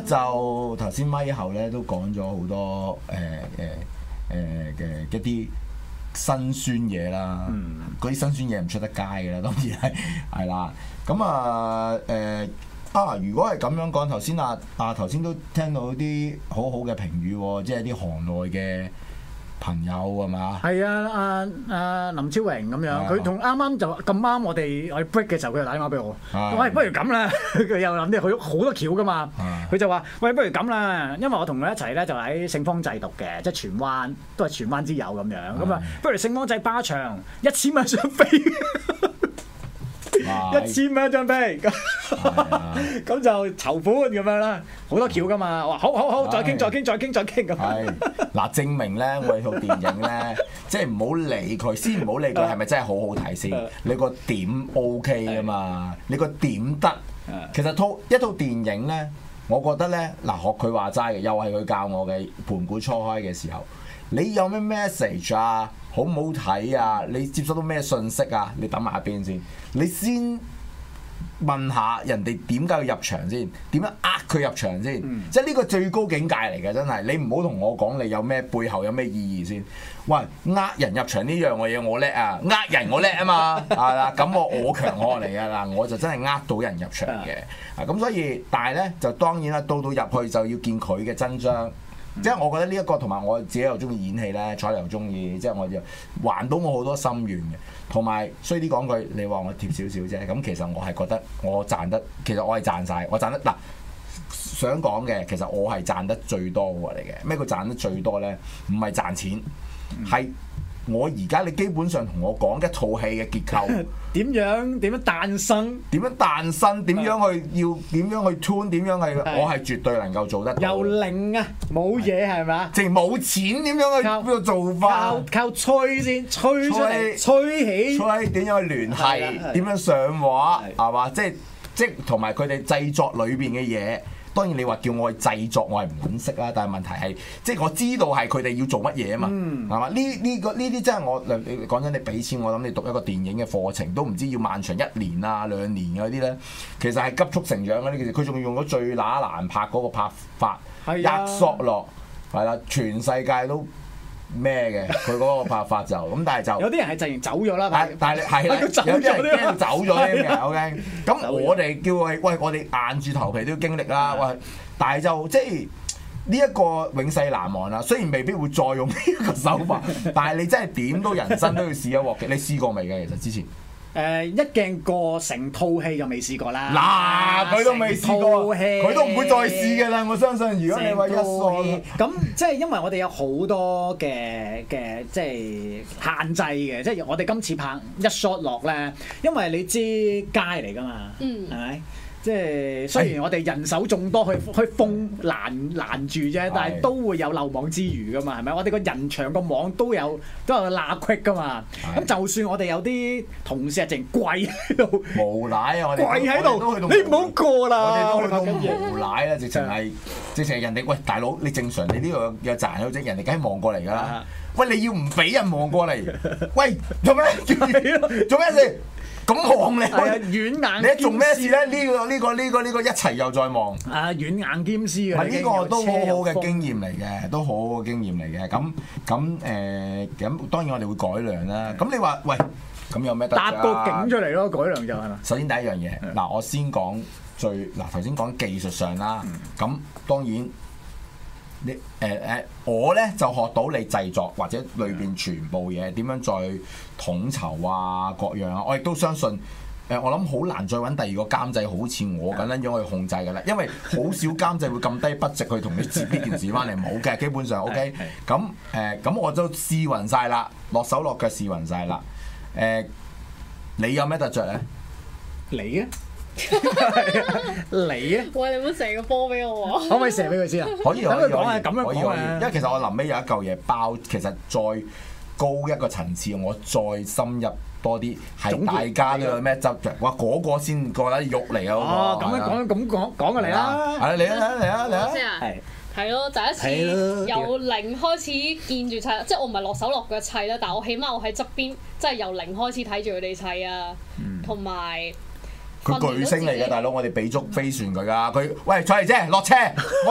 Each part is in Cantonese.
就頭先，咪後咧都講咗好多誒誒誒嘅一啲辛酸嘢啦。嗯，嗰啲辛酸嘢唔出得街㗎啦，當然係係啦。咁啊誒啊，如果係咁樣講，頭先啊啊，頭先都聽到啲好好嘅評語，即係啲行內嘅朋友係嘛？係啊，阿、啊、阿林超榮咁樣，佢同啱啱就咁啱，我哋我 break 嘅時候，佢就打電話俾我。喂，不如咁啦， 佢又諗啲好好多橋㗎嘛。佢就話：喂，不如咁啦，因為我同佢一齊咧，就喺聖方濟讀嘅，即係荃灣，都係荃灣之友咁樣。咁啊，不如聖方濟巴場一千蚊一張飛，一千蚊一張飛，咁就籌款咁樣啦。好多橋噶嘛，我話好好好，再傾再傾再傾再傾咁。係嗱，證明咧，我哋套電影咧，即係唔好理佢，先唔好理佢係咪真係好好睇先。你個點 OK 啊嘛？你個點得？其實套一套電影咧。我覺得呢，嗱，學佢話齋嘅，又係佢教我嘅盤古初開嘅時候，你有咩 message 啊？好唔好睇啊？你接收到咩信息啊？你等埋一邊先，你先。問下人哋點解要入場先，點樣呃佢入場先？即係呢個最高境界嚟嘅，真係你唔好同我講你有咩背後有咩意義先。喂，呃人入場呢樣嘅嘢我叻啊，呃人我叻啊嘛，係啦， 咁我我強項嚟啊嗱，我就真係呃到人入場嘅，啊咁所以，但係呢，就當然啦，到到入去就要見佢嘅真章。 即係我覺得呢、這、一個同埋我自己又中意演戲咧，采妮又中意，即係我就還到我好多心願嘅。同埋衰啲講句，你話我貼少少啫，咁其實我係覺得我賺得，其實我係賺晒，我賺得嗱。想講嘅其實我係賺得最多嚟嘅，咩叫賺得最多咧？唔係賺錢，係，嗯我而家你基本上同我講一套戲嘅結構，點樣點樣誕生，點樣誕生，點樣去要點樣去 tune 點樣去？我係絕對能夠做得到。又零啊，冇嘢係嘛？淨冇是吧錢點樣去邊個做法，靠，靠，靠吹先，吹出嚟吹起。吹點樣去聯繫？點樣上畫係嘛？即即同埋佢哋製作裏邊嘅嘢。當然你話叫我去製作，我係唔識啦。但係問題係，即係我知道係佢哋要做乜嘢啊嘛，係嘛、嗯？呢呢、呢個呢啲真係我，講真，你俾錢我諗你讀一個電影嘅課程，都唔知要漫長一年啊兩年嘅啲咧，其實係急速成長嘅呢件事。佢仲用咗最難難拍嗰個拍法，壓縮、啊、落係啦，全世界都。咩嘅佢嗰個拍法就咁，但係就 有啲人係自然走咗啦。但係係啦，有啲人驚走咗嘅， okay? 我驚。咁我哋叫佢喂，我哋硬住頭皮都要經歷啦。喂， 但係就即係呢一個永世難忘啦。雖然未必會再用呢個手法， 但係你真係點都人生都要試一鑊嘅。 你試過未嘅？其實之前。誒、呃、一鏡過成套戲就未試過啦，嗱佢都未試過，佢都唔會再試嘅啦。我相信，如果你一話一 shot 咁 即係因為我哋有好多嘅嘅即係限制嘅， 即係我哋今次拍一 shot 落咧，因為你知街嚟噶嘛，係咪？嗯？即係雖然我哋人手眾多，去去封攔攔住啫，但係都會有漏網之魚噶嘛，係咪？我哋個人牆個網都有都有罅隙噶嘛。咁是的 就算我哋有啲同事直情跪喺度無賴啊，跪喺度，你唔好過啦。我哋去，去到無賴啊，啊直，直情係直情係人哋喂大佬，你正常你呢個又賺到啫，人哋梗係望過嚟噶啦。是的 啊、喂，你要唔俾人望過嚟？ 喂，做咩？做咩事？咁望你，軟硬你做咩事咧？呢、呢個呢、呢個呢、呢個呢、呢個一齊又再望。啊，軟硬兼施啊！呢個都好好嘅經驗嚟嘅，都好好經驗嚟嘅。咁咁誒，咁、呃、當然我哋會改良啦。咁是的 你話喂，咁有咩得、啊？搭個景出嚟咯，改良就係嘛？首先第一樣嘢，嗱是的，我先講最嗱頭先講技術上啦。咁當然。你誒誒、呃呃，我呢就學到你製作或者裏邊全部嘢點樣再統籌啊，各樣啊，我亦都相信誒、呃，我諗好難再搵第二個監製好似我咁樣樣去控制噶啦，因為好少監製會咁低筆值去同你接呢件事翻嚟冇嘅，基本上 OK。係、呃。咁誒，咁我就試勻晒啦，落手落腳試勻晒啦。誒、呃，你有咩得着呢、啊？你啊？你啊！喂，你唔好射個波俾我，可唔可以射俾佢先啊？可以可以。咁樣講啊，因為其實我臨尾有一嚿嘢包，其實再高一個層次，我再深入多啲，係大家都有咩執着？哇，嗰個先覺得肉嚟啊！哦，咁樣講，咁講講嚟啦，係嚟啊，嚟啊，嚟啊，係係咯，第一次由零開始見住砌，即係我唔係落手落腳砌啦，但係我起碼我喺側邊，即係由零開始睇住佢哋砌啊，同埋。佢巨星嚟嘅大佬，我哋俾足飛船佢噶。佢喂，坐嚟啫，落車，我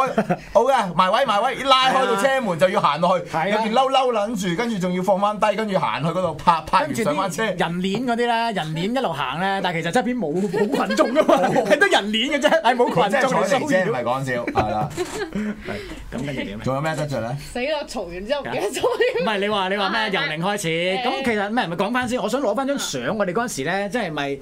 好嘅，埋位埋位，拉開到車門就要行落去，入面嬲嬲撚住，跟住仲要放翻低，跟住行去嗰度拍拍完上翻車，人鏈嗰啲咧，人鏈一路行咧，但係其實側邊冇冇羣眾噶嘛，係得人鏈嘅啫，係冇群眾。即係彩旗姐咪講笑，係啦，咁跟住點？仲有咩失著咧？死啦！嘈完之後唔記得咗。唔係你話你話咩？由零開始咁，其實咩咪講翻先？我想攞翻張相，我哋嗰陣時咧，即係咪？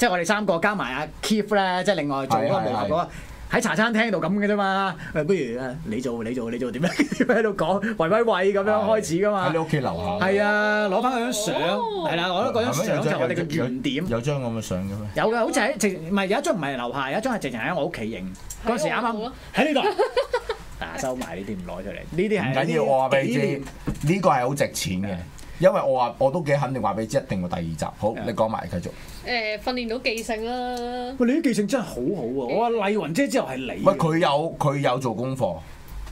即係我哋三個加埋阿 Keith 咧，即係另外做嗰、那個無限喺茶餐廳度咁嘅啫嘛。誒，不如啊，你做你做你做點樣，怎樣？喺度都講喂喂喂咁樣開始噶嘛。喺你屋企樓下。係啊，攞翻嗰張相，係啦、哦，我都嗰張相就係我哋嘅原點。有，有張咁嘅相嘅咩？有嘅，好似係直，唔係有一張唔係樓下，有一張係直情喺我屋企影。嗰的時啱啱好喺呢度，嗱 收埋呢啲唔攞出嚟。呢啲係緊要，呢個係好值錢嘅。因為我話我都幾肯定話俾你知，一定會第二集。好，嗯、你講埋繼續。誒、呃，訓練到記性啦。喂，你啲記性真係好好啊。我話麗雲姐之後係你。喂，佢有佢有做功課。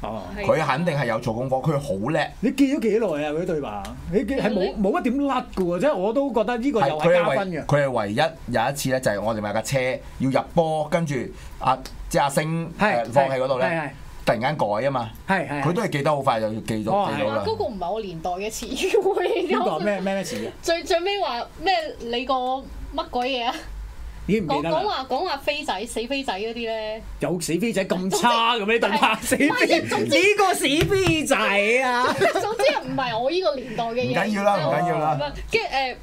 哦、啊。佢肯定係有做功課，佢好叻。你記咗幾耐啊？佢啲對白，你記係冇冇乜點甩嘅喎，即係我都覺得呢個又係加分嘅。佢係唯，唯一有一次咧，就係我哋買架車要入波，跟住阿即係阿星、啊、是放喺嗰度咧。突然間改啊嘛，佢都係記得好快，就記咗記咗啦。嗰個唔係我年代嘅詞彙。年咩咩咩詞？最最尾話咩？你個乜鬼嘢啊？講講話講話飛仔死飛仔嗰啲咧，有死飛仔咁差嘅咩？對唔起，死飛仔啊！總之唔係我呢個年代嘅嘢。唔緊要啦，唔緊要啦。跟住誒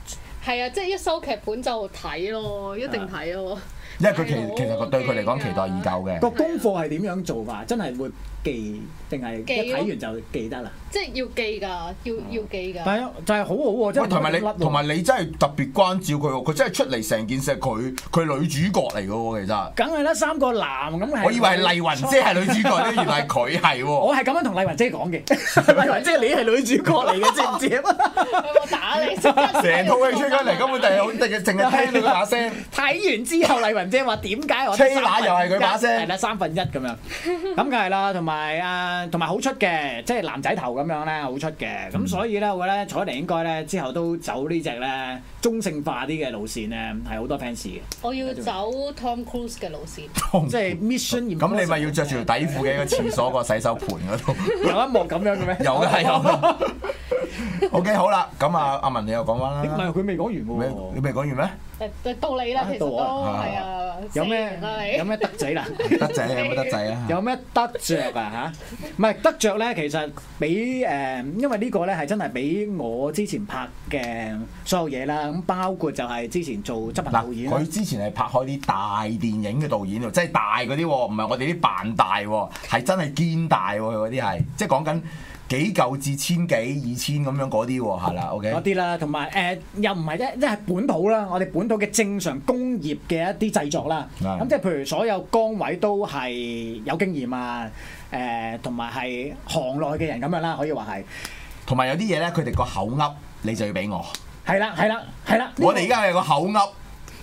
係啊，即係一收劇本就睇咯，一定睇咯。因為佢其其實佢對佢嚟講期待已久嘅個功課係點樣做法？真係會記定係一睇完就記得啦？即係要記㗎，要要記㗎。係啊，就係好好喎！同埋你同埋你真係特別關照佢喎，佢真係出嚟成件事佢，佢女主角嚟㗎喎，其實。梗係啦，三個男，咁我以為麗雲姐係女主角咧，原來佢係喎。我係咁樣同麗雲姐講嘅，麗雲姐你係女主角嚟嘅，知唔知？我打你！成套戲出咗嚟，根本就係淨係淨係聽到嗰把聲。睇完之後，麗雲。唔知話點解我？黐乸又係佢把聲，係啦三分一咁樣，咁梗係啦。同埋啊，同埋好出嘅，即係男仔頭咁樣咧，好出嘅。咁所以咧，我覺得采妮應該咧之後都走呢隻咧中性化啲嘅路線咧，係好多 fans 嘅。我要走 Tom Cruise 嘅路線，即係 Mission。咁你咪要著住條底褲嘅一個廁所個洗手盆嗰度？有一幕咁樣嘅咩？有嘅係有嘅。OK，好啦，咁啊，阿文你又講翻啦。唔係佢未講完喎，你未講完咩？誒，到你啦，其實，都係啊，有咩有咩得仔啦？得仔有冇得仔啊？有咩得着啊？嚇，唔係得着咧。其實俾誒，因為呢個咧係真係比我之前拍嘅所有嘢啦。咁包括就係之前做執行導演佢、啊那個、之前係拍開啲大電影嘅導演，即係大嗰啲喎，唔係我哋啲扮大喎，係真係堅大喎、啊。嗰啲係即係講緊。幾嚿至千幾、二千咁樣嗰啲喎，係啦，OK。嗰啲啦，同埋誒又唔係啫，即係本土啦，我哋本土嘅正常工業嘅一啲製作啦，咁、嗯、即係譬如所有崗位都係有經驗啊，誒同埋係行內嘅人咁樣啦，可以話係。同埋有啲嘢咧，佢哋個口噏，你就要俾我。係啦，係啦，係啦。啦我哋而家係個口噏。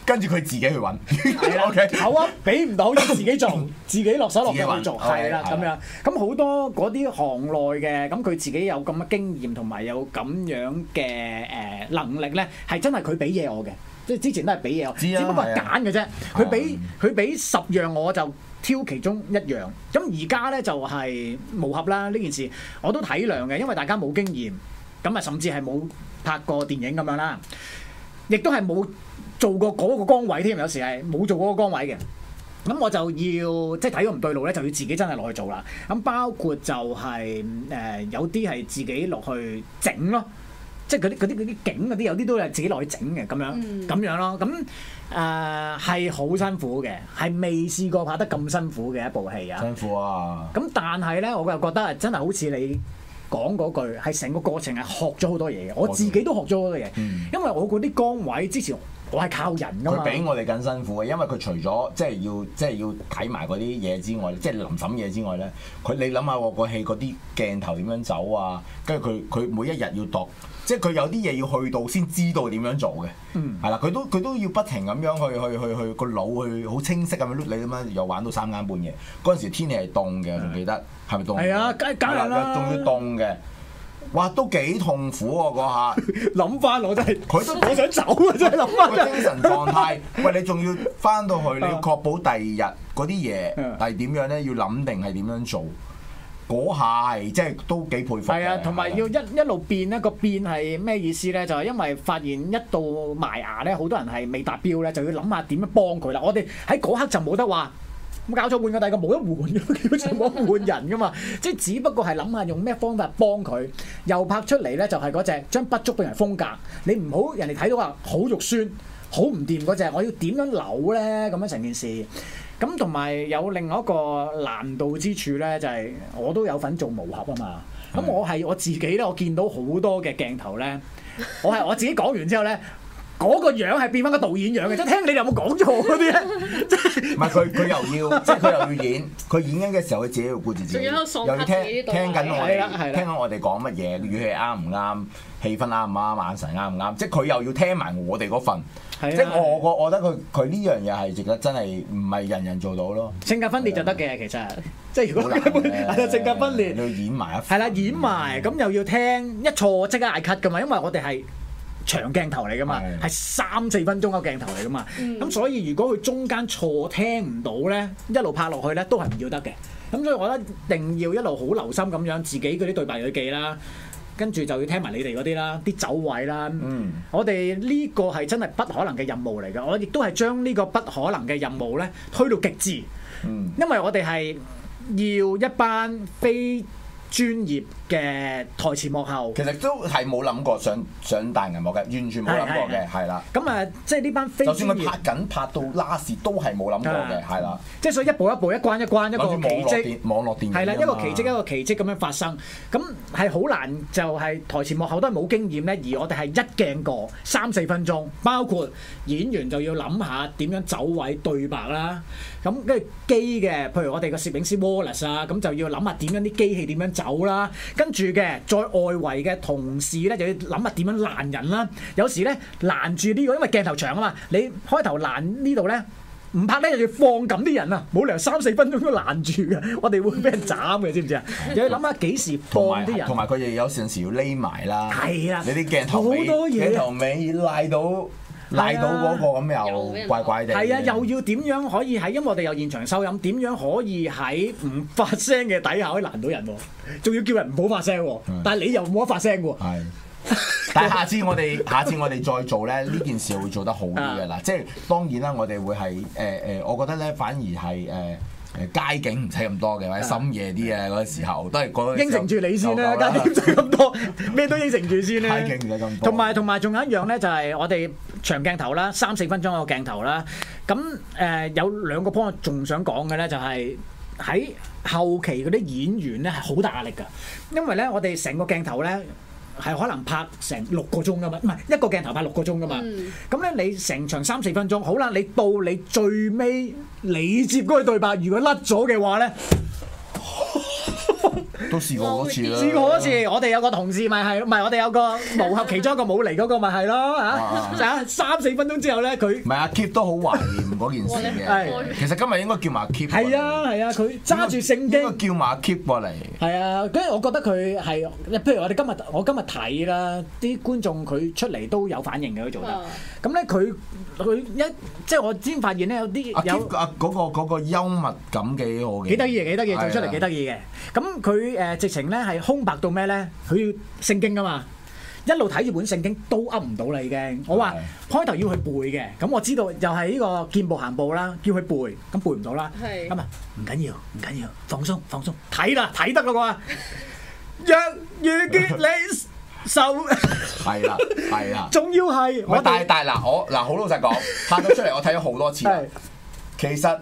跟住佢自己去揾 的，OK，好啊，俾唔到自己做，自己落手落腳去做，係啦咁樣。咁好的多嗰啲行內嘅，咁佢自己有咁嘅經驗同埋有咁樣嘅誒能力咧，係真係佢俾嘢我嘅，即係之前都係俾嘢我，的只不過揀嘅啫。佢俾佢俾十樣，我就挑其中一樣。咁而家咧就係無合啦。呢件事我都體諒嘅，因為大家冇經驗，咁啊甚至係冇拍過電影咁樣啦，亦都係冇。做過嗰個崗位添，有時係冇做嗰個崗位嘅，咁我就要即係睇到唔對路咧，就要自己真係落去做啦。咁包括就係、是、誒、呃、有啲係自己落去整咯，即係嗰啲啲啲景嗰啲，有啲都係自己落去整嘅，咁樣咁樣咯。咁誒係好辛苦嘅，係未試過拍得咁辛苦嘅一部戲啊！辛苦啊！咁但係咧，我又覺得真係好似你講嗰句，係成個過程係學咗好多嘢嘅，了我自己都學咗好多嘢，嗯、因為我嗰啲崗位之前。我係靠人㗎嘛，佢、啊、比我哋更辛苦嘅，因為佢除咗即係要即係、即係、要睇埋嗰啲嘢之外，即係臨審嘢之外咧，佢你諗下喎個戲嗰啲鏡頭點樣走啊？跟住佢佢每一日要讀，即係佢有啲嘢要去到先知道點樣做嘅。嗯，係啦，佢都佢都要不停咁樣去去去去個腦去好清晰咁樣碌你咁樣，又玩到三更半夜。嗰陣時天氣係凍嘅，仲記得係咪凍？係啊，梗梗係啦，仲要凍嘅。哇，都幾痛苦喎、啊！嗰下諗翻， 我真係佢都我想走啊！真係諗翻個精神狀態。 喂，你仲要翻到去，你要確保第二日嗰啲嘢係點樣咧？要諗定係點樣做？嗰下係即係都幾佩服。係呀啊，同埋呀的要一一,一路變咧。個變係咩意思咧？就係、是、因為發現一到埋牙咧，好多人係未達標咧，就要諗下點樣幫佢啦。我哋喺嗰刻就冇得話。咁搞咗換個大個冇得換嘅，基本上冇得換人噶嘛。即係 只不過係諗下用咩方法幫佢。又拍出嚟咧，就係嗰隻將不足俾人風格。你唔好人哋睇到話好肉酸、好唔掂嗰隻。我要點樣扭咧咁樣成件事。咁同埋有另外一個難度之處咧，就係、是、我都有份做毛俠啊嘛。咁我係我自己咧，我見到好多嘅鏡頭咧，我係我自己講完之後咧，嗰、那個樣係變翻個導演樣嘅。即係聽你有冇講錯嗰啲咧？ 唔係佢佢又要，即係佢又要演，佢演緊嘅時候，佢自己要顧住自己，又要聽聽緊我哋，聽緊我哋講乜嘢，語氣啱唔啱，氣氛啱唔啱，眼神啱唔啱，即係佢又要聽埋我哋嗰份，即係我個，我覺得佢佢呢樣嘢係值得，真係唔係人人做到咯。性格分裂就得嘅，其實即係如果根本係性格分裂，你要演埋一份，係啦，演埋咁又要聽，一錯即刻嗌 cut 噶嘛，因為我哋係。長鏡頭嚟㗎嘛，係三四分鐘個鏡頭嚟㗎嘛，咁所以如果佢中間錯聽唔到咧，一路拍落去咧都係唔要得嘅。咁所以我覺得一定要一路好留心咁樣，自己嗰啲對白去記啦，跟住就要聽埋你哋嗰啲啦，啲走位啦。嗯，我哋呢個係真係不可能嘅任務嚟㗎，我亦都係將呢個不可能嘅任務咧推到極致，因為我哋係要一班非。專業嘅台前幕後，其實都係冇諗過上上大銀幕嘅，完全冇諗過嘅，係啦。咁誒的，的即係呢班非，就算佢拍緊拍到拉時，都係冇諗過嘅，係啦。即係所以一步一步一關一關的一個奇蹟，網絡電，網絡電，係啦，一個奇蹟一個奇蹟咁樣發生。咁係好難就係、是、台前幕後都係冇經驗咧，而我哋係一鏡過三四分鐘，包括演員就要諗下點樣走位對白啦。咁跟住機嘅，譬如我哋個攝影師 Wallace 啊，咁就要諗下點樣啲機器點樣走有啦，跟住嘅，在外圍嘅同事咧，就要諗下點樣攔人啦，啊。有時咧攔住呢、呢個，因為鏡頭長啊嘛，你開頭攔呢度咧，唔拍咧就要放咁啲人啊，冇理由三四分鐘都攔住嘅，我哋會俾人斬嘅，知唔知啊？又要諗下幾時放啲人，同埋佢哋有陣時要匿埋啦。係啊，你啲鏡頭尾鏡頭尾賴到。賴到嗰個咁又怪怪地，係啊！又要點樣可以喺？因為我哋有現場收音，點樣可以喺唔發聲嘅底下可以攔到人喎？仲要叫人唔好發聲喎！但係你又冇得發聲喎！係，但係下次我哋下次我哋再做咧，呢件事會做得好啲嘅啦。即係當然啦，我哋會係誒誒，我覺得咧反而係誒誒街景唔使咁多嘅，或者深夜啲啊嗰時候都係嗰應承住你先啦，街景唔使咁多，咩都應承住先啦。街景唔使咁多，同埋同埋仲有一樣咧，就係我哋。長鏡頭啦，三四分鐘一個鏡頭啦。咁誒、呃、有兩個 point 我仲想講嘅咧，就係喺後期嗰啲演員咧係好大壓力㗎。因為咧我哋成個鏡頭咧係可能拍成六個鐘㗎嘛，唔係一個鏡頭拍六個鐘㗎嘛。咁咧、嗯嗯、你成場三四分鐘，好啦，你到你最尾你接嗰句對白，如果甩咗嘅話咧。嗯 都試過嗰次啦，試過嗰次，我哋有個同事咪係，唔係我哋有個無合其中一個冇嚟嗰個咪係咯嚇，就係三四分鐘之後咧佢。唔係啊，Keep 都好懷念嗰件事嘅，其實今日應該叫埋 Keep。係啊係啊，佢揸住聖經。應該叫埋 Keep 過嚟。係啊，跟住我覺得佢係，譬如我哋今日我今日睇啦，啲觀眾佢出嚟都有反應嘅，佢做得。咁咧佢佢一即係我先發現咧有啲有個嗰個嗰個幽默感幾好嘅。幾得意啊幾得意，做出嚟幾得意嘅。咁佢。誒，直情咧係空白到咩咧？佢要聖經噶嘛，一路睇住本聖經都噏唔到你嘅。我話開頭要去背嘅，咁我知道又係呢個見步行步啦，叫佢背，咁背唔到啦。係，咁啊，唔緊要，唔緊要，放鬆放鬆，睇啦，睇得啦個。若遇見你，愁係啦係啦，仲要係我大大嗱，我嗱好老實講，拍咗出嚟我睇咗好多次。係，其實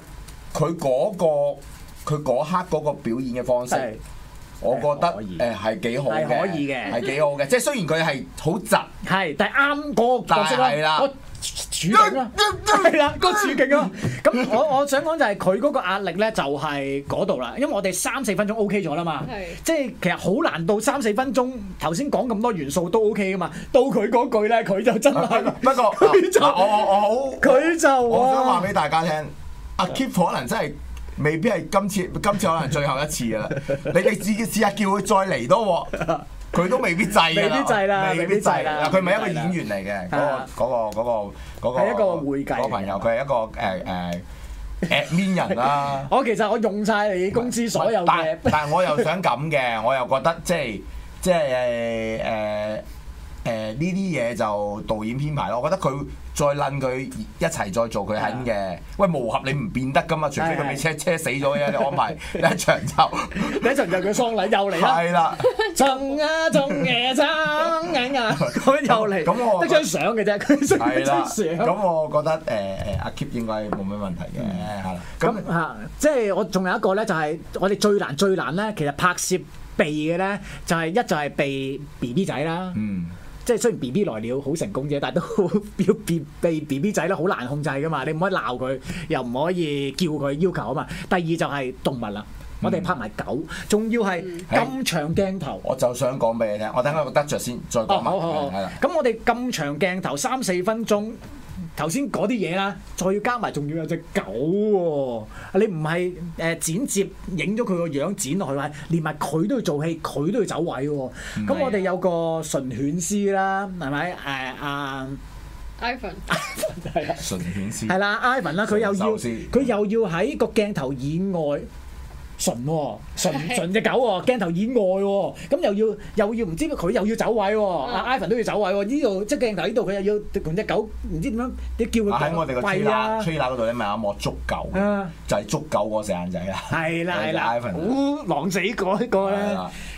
佢嗰個佢嗰刻嗰個表演嘅方式。我覺得誒係幾好嘅，係可以嘅，係幾好嘅。即係雖然佢係好窒，係， 但係啱嗰個角色啦。 處境啦，係啦，個處境啊！咁我我想講就係佢嗰個壓力咧，就係嗰度啦。因為我哋三四分鐘 OK 咗啦嘛，係，即係其實好難到三四分鐘。頭先講咁多元素都 OK 噶嘛，到佢嗰句咧，佢就真係。不過，我好。佢 就說我想話俾大家聽，阿 Keep 可能真係。未必係今次，今次可能最後一次噶啦。你你試試下叫佢再嚟多喎，佢都未必制噶啦。未必制啦，嗱，佢咪一個演員嚟嘅，嗰個嗰個嗰個嗰個，係一個會計個朋友，佢係一個誒誒 admin 人啦。我其實我用晒你公司所有，但係 我又想咁嘅，我又覺得即係即係誒。呃呃誒，呢啲嘢就導演編排咯。我覺得佢再攆佢一齊再做佢肯嘅。喂，毛俠你唔變得噶嘛？除非佢俾車車死咗嘅，你安排 一場就一場就佢喪禮又嚟啦。係啦，葬啊葬嘅喪影啊，咁、啊啊啊啊、又嚟。咁我得張相嘅啫，佢、嗯嗯、一張相。咁我覺得誒誒，阿 Keep 應該冇咩問題嘅。係啦，咁吓麼，即係我仲有一個咧，就係、是、我哋最難最難咧，其實拍攝避嘅咧，就係一就係避 B B 仔啦。嗯。即係雖然 B B 來了好成功啫，但係都要 B 被 B B 仔咧好難控制噶嘛，你唔可以鬧佢，又唔可以叫佢要求啊嘛。第二就係動物啦，我哋拍埋狗，仲、嗯、要係咁長鏡頭。我就想講俾你聽，我等下我得着先再講埋。好好好，咁我哋咁長鏡頭三四分鐘。頭先嗰啲嘢啦，再要加埋，仲要有隻狗喎、哦。你唔係誒剪接，影咗佢個樣剪落去，連埋佢都要做戲，佢都要走位喎、哦。咁是、啊、我哋有個純犬師啦，係咪誒阿 Ivan？Ivan 係啊，uh, uh, Ivan. 純犬師係啦，Ivan 啦，佢又要佢 又要喺個鏡頭以外。純喎，純純隻狗喎，鏡頭以外喎，咁又要又要唔知佢又要走位喎，阿 Ivan 都要走位喎，呢度即係鏡頭呢度佢又要同隻狗，唔知點樣你叫佢？喺我哋個吹喇吹喇嗰度咧咪一幕足夠，就係足夠個時間仔啦。係啦係啦，Ivan，好狼死嗰個咧，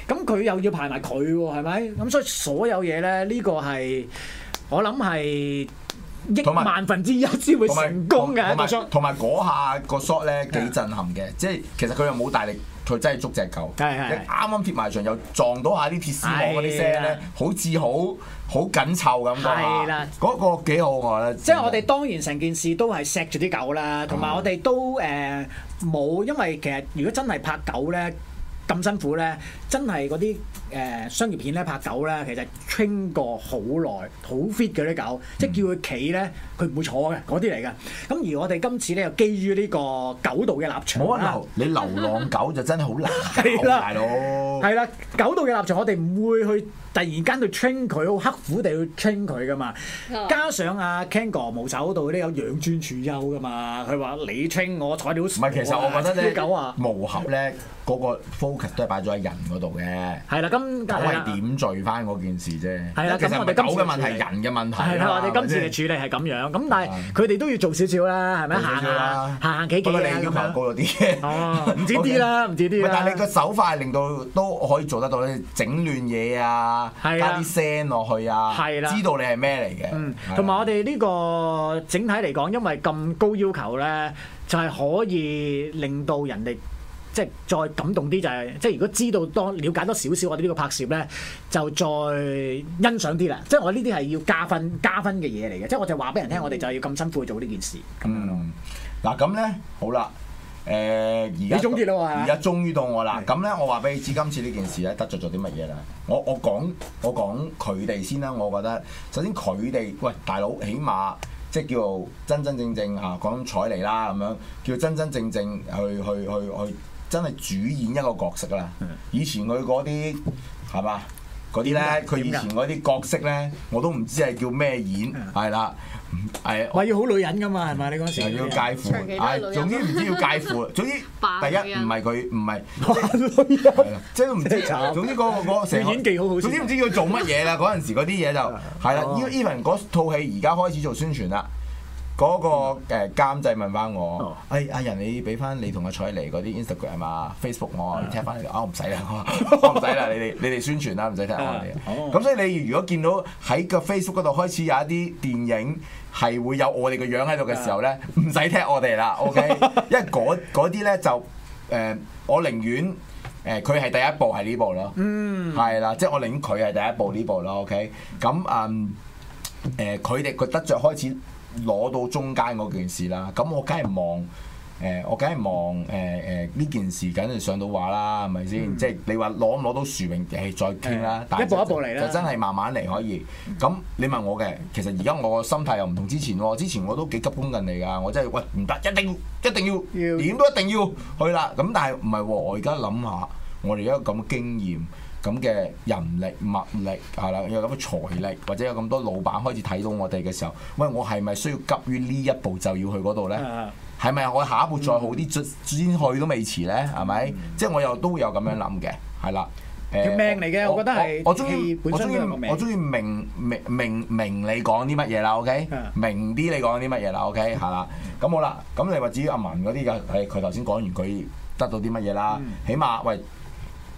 咁佢又要排埋佢喎，係咪？咁所以所有嘢咧呢個係我諗係。億萬分之一先會成功嘅，同埋嗰下個 shot 咧幾震撼嘅，是的 即係其實佢又冇大力，佢真係捉隻狗，係係啱啱貼埋牆又撞到下啲鐵絲網嗰啲聲咧，是的 好似好好緊湊咁啊！嗰是的、嗰個幾、嗰個、好的我覺得。即係我哋當然成件事都係錫住啲狗啦，同埋是的 我哋都誒冇、呃，因為其實如果真係拍狗咧。咁辛苦咧，真係嗰啲誒商業片咧拍狗咧，其實 train 過好耐，好 fit 嘅啲狗，嗯、即係叫佢企咧，佢唔會坐嘅嗰啲嚟嘅。咁而我哋今次咧，又基於呢個狗道嘅立場啦。你流浪狗就真係好難，係 啦，係 啦，狗道嘅立場，我哋唔會去。突然間去 train 佢，好刻苦地去 train 佢噶嘛？加上阿 Keng 哥無手度，都有養尊處優噶嘛？佢話你 train 我材料，唔係其實我覺得咧，無合咧嗰個 focus 都係擺咗喺人嗰度嘅。係啦，咁我係點綴翻嗰件事啫。係啦，咁我哋狗嘅問題，人嘅問題。係啦，我哋今次嘅處理係咁樣。咁但係佢哋都要做少少啦，係咪行下行行幾幾咁樣？咁啊，你要求高咗啲唔知啲啦，唔知啲，但係你個手法令到都可以做得到咧，整亂嘢啊！係呀，加啲聲落去啊，係啦，知道你係咩嚟嘅。嗯，同埋我哋呢個整體嚟講，因為咁高要求咧，就係可以令到人哋即係再感動啲，就係即係如果知道多了解多少少我哋呢個拍攝咧，就再欣賞啲啦。即係我呢啲係要加分加分嘅嘢嚟嘅。即係我就話俾人聽，我哋就係要咁辛苦去做呢件事咁樣咯。嗱，咁咧好啦。誒，而家而家終於到我啦！咁咧的，我話俾你知，今次呢件事咧，得着咗啲乜嘢啦？我我講我講佢哋先啦。我覺得首先佢哋喂，大佬，起碼即係叫真真正正啊，講彩嚟啦咁樣，叫真真正正去去去去，去，真係主演一個角色啦。以前佢嗰啲係嘛嗰啲咧，佢以前嗰啲角色咧，我都唔知係叫咩演係啦。嗯係，咪要好女人噶嘛？係咪你嗰時？要介乎，啊，總之唔知要介乎，總之第一唔係佢，唔係，即係都唔知慘。總之嗰個成，演技好好。總之唔知要做乜嘢啦。嗰陣時嗰啲嘢就係啦。Even 嗰套戲而家開始做宣傳啦。嗰個誒監製問翻我，誒阿仁，你俾翻你同阿采妮嗰啲 Instagram 啊 Facebook 我踢翻你哋。啊唔使啦，我唔使啦，你哋你哋宣傳啦，唔使踢我哋。咁、嗯、所以你如果見到喺個 Facebook 嗰度開始有一啲電影係會有我哋嘅樣喺度嘅時候咧，唔使踢我哋啦。OK，因為嗰啲咧就誒、呃，我寧願誒佢係第一部係呢、就是、部咯。嗯，係、呃、啦，即係我寧願佢係第一部呢部咯。OK，咁嗯誒，佢哋嘅得着開始。攞到中間嗰件事啦，咁我梗係望誒，我梗係望誒誒呢件事，梗係上到話啦，係咪先？即係你話攞唔攞到殊榮，誒再傾啦，欸、但一步一步嚟啦，就真係慢慢嚟可以。咁你問我嘅，其實而家我個心態又唔同之前喎。之前我都幾急功近利㗎，我真係喂唔得，一定要，一定要，點要 都一定要去啦。咁但係唔係喎，我而家諗下，我哋而家咁經驗。咁嘅人力物力係啦，有咁嘅財力或者有咁多老闆開始睇到我哋嘅時候，喂，我係咪需要急於呢一步就要去嗰度咧？係咪我下一步再好啲先去都未遲咧？係咪？即係我又都有咁樣諗嘅，係啦。要命嚟嘅，我覺得係。我中意我中意我中意明明明明你講啲乜嘢啦？OK，明啲你講啲乜嘢啦？OK，係啦。咁好啦，咁你話至於阿文嗰啲嘅，係佢頭先講完佢得到啲乜嘢啦？起碼喂。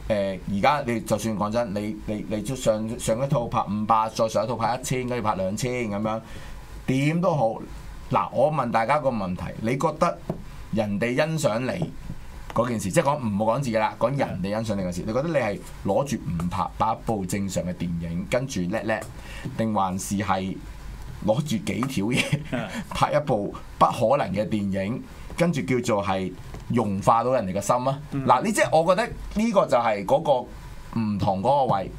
誒而家你就算講真，你你你上上一套拍五百，再上一套拍一千，跟住拍兩千咁樣，點都好。嗱，我問大家一個問題，你覺得人哋欣賞你嗰件事，即係講唔好講自己啦，講人哋欣賞你嘅事。你覺得你係攞住唔拍拍一部正常嘅電影，跟住叻叻，定還是係攞住幾條嘢拍一部不可能嘅電影，跟住叫做係？融化到人哋嘅心啊！嗱，你即係我覺得呢個就係嗰個唔同嗰個位，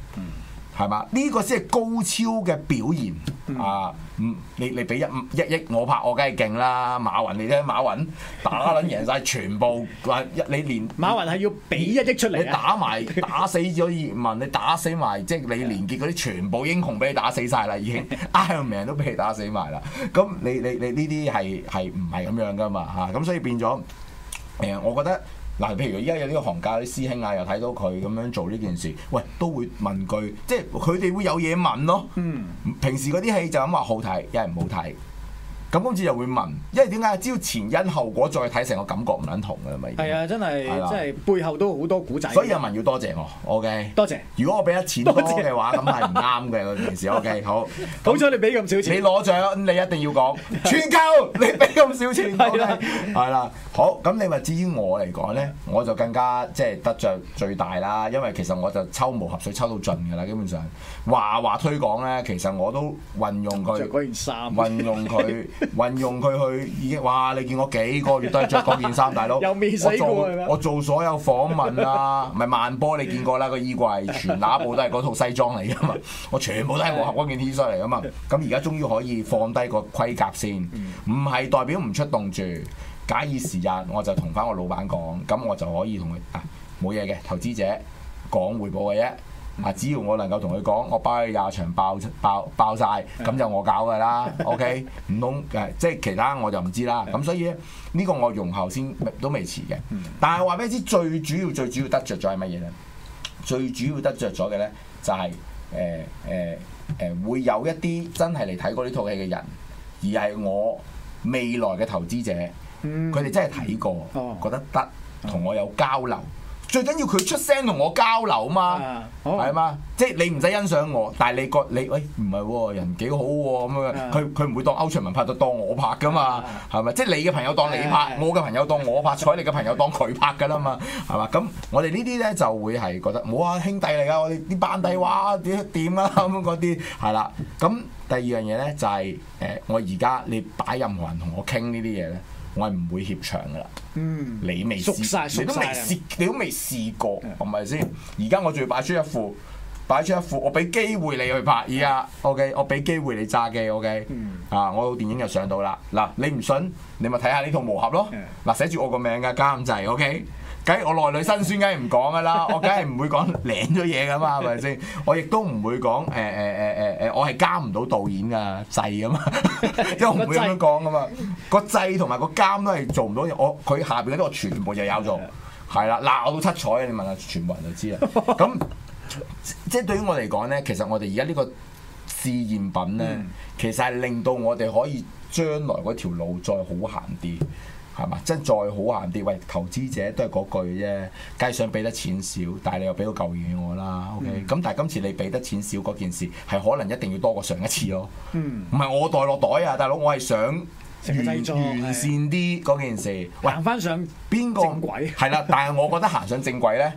係嘛？呢個先係高超嘅表現啊！唔， 你你俾一一億我拍我梗係勁啦！馬雲你睇馬雲打撚贏晒全部，話一你連馬雲係要俾一億出嚟，啊， 你打埋打死咗葉問，你打死埋即係李連杰嗰啲全部英雄俾你打死晒啦，已經 Iron Man 都俾你打死埋啦。咁你你你呢啲係係唔係咁樣噶嘛？嚇、啊、咁所以變咗。誒、嗯，我覺得嗱，譬如依家有呢個行家啲師兄啊，又睇到佢咁樣做呢件事，喂，都會問句，即係佢哋會有嘢問咯。嗯，平時嗰啲戲就咁話好睇，有人唔好睇。咁公子又會問，因為點解？只要前因後果再睇成個感覺唔撚同嘅係咪？係啊，真係，真係背後都好多古仔。所以問要多謝我，OK？多謝。如果我俾一錢多嘅話，咁係唔啱嘅嗰件事。OK？好，好彩你俾咁少錢。你攞獎，你一定要講，全夠你俾咁少錢。係啦，係啦。好，咁你話至於我嚟講咧，我就更加即係得着最大啦，因為其實我就抽無合水抽到盡嘅啦，基本上話話推廣咧，其實我都運用佢，件衫，運用佢。運用佢去已經，哇！你見我幾個月都係着嗰件衫，大佬。有面死過，我做所有訪問唔係咪萬波你見過啦，個衣櫃全哪部都係嗰套西裝嚟㗎嘛，我全部都係我合嗰件 T 恤嚟㗎嘛。咁而家終於可以放低個盔甲先，唔係代表唔出動住。假以時日，我就同翻我老闆講，咁我就可以同佢啊冇嘢嘅投資者講回報嘅啫。嗱，只要我能夠同佢講，我包佢廿場爆爆爆曬，咁就我搞㗎啦。OK，唔通 即係其他我就唔知啦。咁所以呢、呢個我容後先都未遲嘅。但係話俾你知，最主要最主要得着咗係乜嘢呢？最主要得着咗嘅呢，就係誒誒誒，會有一啲真係嚟睇過呢套戲嘅人，而係我未來嘅投資者，佢哋、嗯、真係睇過，哦、覺得得，同我有交流。最緊要佢出聲同我交流啊嘛，係啊嘛，即係你唔使欣賞我，但係你覺你喂，唔係喎，人幾好喎咁啊，佢佢唔會當區焯民拍，就當我拍㗎嘛，係咪 Yeah, yeah.？即係你嘅朋友當你拍，yeah, yeah. 我嘅朋友當我拍，彩 Yeah, yeah. 你嘅朋友當佢拍㗎啦嘛，係嘛？咁我哋呢啲咧就會係覺得，冇哇兄弟嚟㗎，我哋啲班底，哇點點啊咁嗰啲，係啦。咁第二樣嘢咧就係誒，我而家你擺任何人同我傾呢啲嘢咧。我係唔會協場噶啦，嗯、你未試，了你都未試，了你都未試過，係咪先？而家我仲要擺出一副，擺出一副，我俾機會你去拍，而家、嗯、OK，我俾機會你揸機，OK、嗯、啊，我套電影就上到啦。嗱，你唔信，你咪睇下呢套磨合咯。嗱、嗯，寫住我個名㗎、啊，監製，OK、嗯。嗯梗係我內裏辛酸，梗係唔講噶啦，我梗係唔會講領咗嘢噶嘛，係咪先？我亦 都唔會講誒誒誒誒誒，我係監唔到導演噶製噶嘛，因為唔會咁樣講噶嘛。個製同埋個監都係做唔到嘢，我佢下邊嗰啲我全部就有做，係啦， 鬧到七彩，你問下全部人就知啦。咁即係對於我嚟講咧，其實我哋而家呢個試驗品咧，其實係令到我哋可以將來嗰條路再好行啲。係嘛？即係再好閒啲，喂，投資者都係嗰句啫，梗係想俾得錢少，但係你又俾到舊嘢我啦，OK？咁、嗯、但係今次你俾得錢少嗰件事，係可能一定要多過上一次咯。嗯，唔係我袋落袋啊，大佬，我係想完裝完善啲嗰件事。行翻的喂上邊個？係啦誰， 但係我覺得行上正軌咧。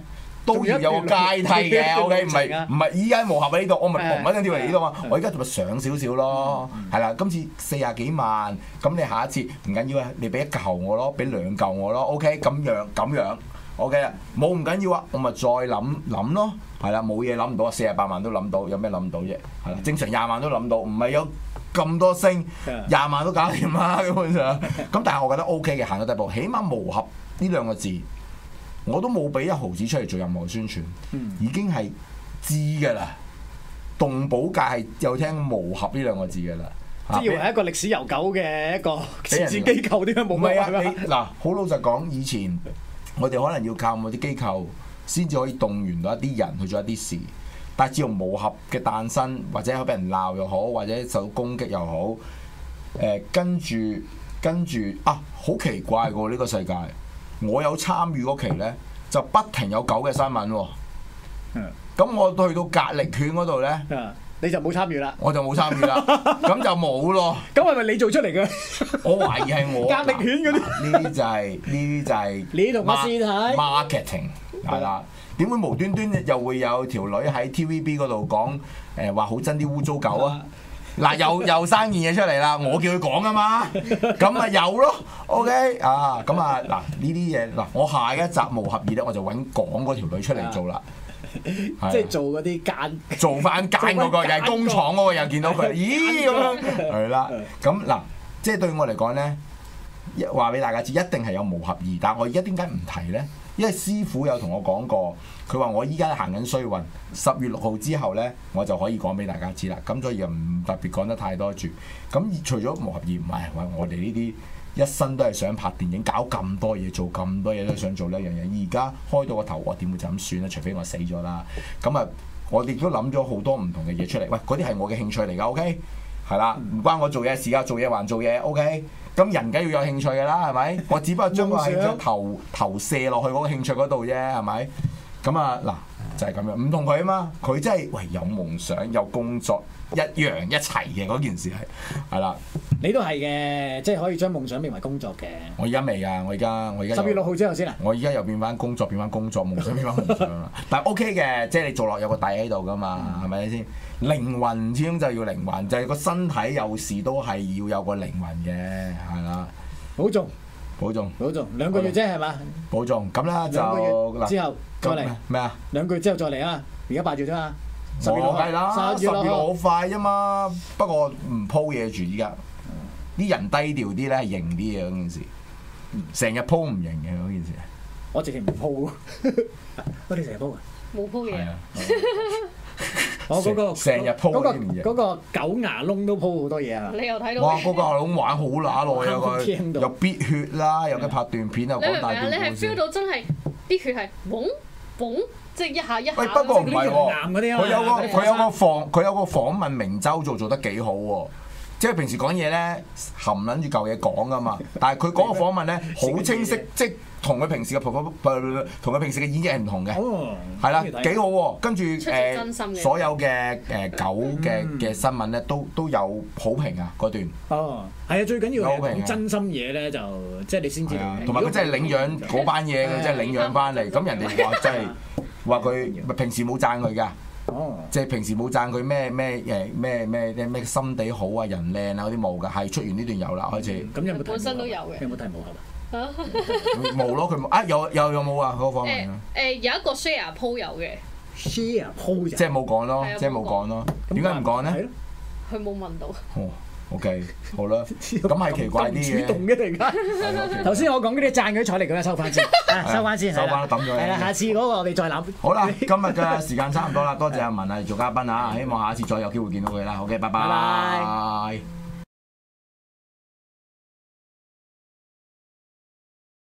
都要有個階梯嘅，OK，唔係唔係，依家磨合喺呢度，我咪唔揾張票嚟呢度嘛，我依家做咪上少少咯，係啦，今次四十幾萬，咁你下一次唔緊要啊，你俾一嚿我咯，俾兩嚿我咯，OK，咁樣咁樣，OK 啊，冇唔緊要啊，我咪再諗諗咯，係啦，冇嘢諗唔到啊，四十八萬都諗到，有咩諗唔到啫？係啦，正常廿萬都諗到，唔係有咁多升，廿萬都搞掂啦基本上，咁但係我覺得 OK 嘅，行到第一步，起碼磨合呢兩個字。我都冇俾一毫子出嚟做任何宣傳，已經係知嘅啦。動保界係有聽毛俠呢兩個字嘅啦，啊、即係以一個歷史悠久嘅一個慈善機構點解冇咩啊？嗱，好老實講，以前我哋可能要靠某啲機構先至可以動員到一啲人去做一啲事，但係自從毛俠嘅誕生，或者俾人鬧又好，或者受到攻擊又好，誒、呃、跟住跟住啊，好奇怪喎呢、呢個世界！ 我有參與嗰期咧，就不停有狗嘅新聞喎。嗯，咁我去到格力犬嗰度咧，你就冇參與啦，我就冇參與啦，咁就冇咯。咁係咪你做出嚟嘅？我懷疑係我格力犬嗰啲。呢啲就係呢啲就係呢度 Marketing。Marketing 係啦，點會無端端又會有條女喺 TVB 嗰度講誒話好憎啲污糟狗啊？嗱，又又生件嘢出嚟啦！我叫佢講啊嘛，咁咪有咯。OK 啊，咁啊嗱，呢啲嘢嗱，我下一集無合意呢，我就揾講嗰條女出嚟做啦。啊啊、即係做嗰啲間，做翻完間嗰完、嗰個又係然工廠嗰個又見到佢，過咦咁樣係 啦。咁、啊、嗱，即係對我嚟講咧。話俾大家知，一定係有磨合期。但係我而家點解唔提呢？因為師傅有同我講過，佢話我依家行緊衰運，十月六號之後呢，我就可以講俾大家知啦。咁所以又唔特別講得太多住。咁除咗磨合期，唔係話我哋呢啲一生都係想拍電影，搞咁多嘢，做咁多嘢都想做呢一樣嘢。而家開到個頭，我點會就咁算咧？除非我死咗啦。咁啊，我哋都諗咗好多唔同嘅嘢出嚟。喂，嗰啲係我嘅興趣嚟㗎，OK？係啦，唔關我做嘢事啊，做嘢還做嘢，OK。咁人梗要有興趣嘅啦，係咪？我只不過將頭 是頭個興趣投投射落去嗰個興趣嗰度啫，係咪？咁啊，嗱。就係咁樣，唔同佢啊嘛，佢真係喂有夢想有工作一樣一齊嘅嗰件事係係啦，你都係嘅，即係可以將夢想變為工作嘅。我而家未啊，我而家我而家十月六號之後先啊，我而家又變翻工作變翻工作，夢想變翻夢想。但係 OK 嘅，即係你做落有個底喺度噶嘛，係咪先。靈魂始終就要靈魂，就係個身體有事都係要有個靈魂嘅，係啦。保重，保重，保重，兩個月啫係嘛？保重咁啦，就之後。再嚟咩啊？兩句之後再嚟啊！而家八住啫嘛，十秒計啦，十秒好快啫嘛。不過唔鋪嘢住依家，啲人低調啲咧，係型啲嘅嗰件事。成日鋪唔型嘅嗰件事我直情唔鋪，我哋成日鋪啊！冇鋪嘢。我嗰個成日鋪啊！嗰個狗牙窿都鋪好多嘢啊！你又睇到？哇！嗰個窿玩好乸耐啊！佢又必血啦，又跟拍段片又講大段你係 feel 到真係必血係，嗡～捧，即係一下一下，不過唔係佢有個，佢有個，訪佢有個訪問明州做做得幾好喎、啊。即係平時講嘢咧含撚住舊嘢講噶嘛，但係佢嗰個訪問咧好清晰，即同佢平時嘅婆婆，同佢平時嘅演技係唔同嘅，係啦幾好喎。跟住誒所有嘅誒、呃、狗嘅嘅新聞咧都都有好評啊嗰段，係啊、oh, 最緊要好評。真心嘢咧就即係你先知道，同埋佢真係領養嗰班嘢，佢 真係領養翻嚟，咁 人哋話真係話佢平時冇贊佢㗎。哦，即係平時冇贊佢咩咩誒咩咩啲咩心地好啊人靚啊嗰啲冇噶，係出完呢段有啦開始。咁有冇本身都有嘅？有冇剃毛噶？冇咯，佢冇啊！有有有冇啊？嗰方面啊？誒，有一個 share po 有嘅 share po，即係冇講咯，即係冇講咯。點解唔講咧？佢冇問到。O K，好啦，咁係奇怪啲主動嘅，突然間頭先我講嗰啲贊嗰彩嚟講，收翻先，收翻先，收翻抌咗。係啦，下次嗰個我哋再諗。好啦，今日嘅時間差唔多啦，多謝阿文啊做嘉賓啊，希望下一次再有機會見到佢啦。O K，拜拜。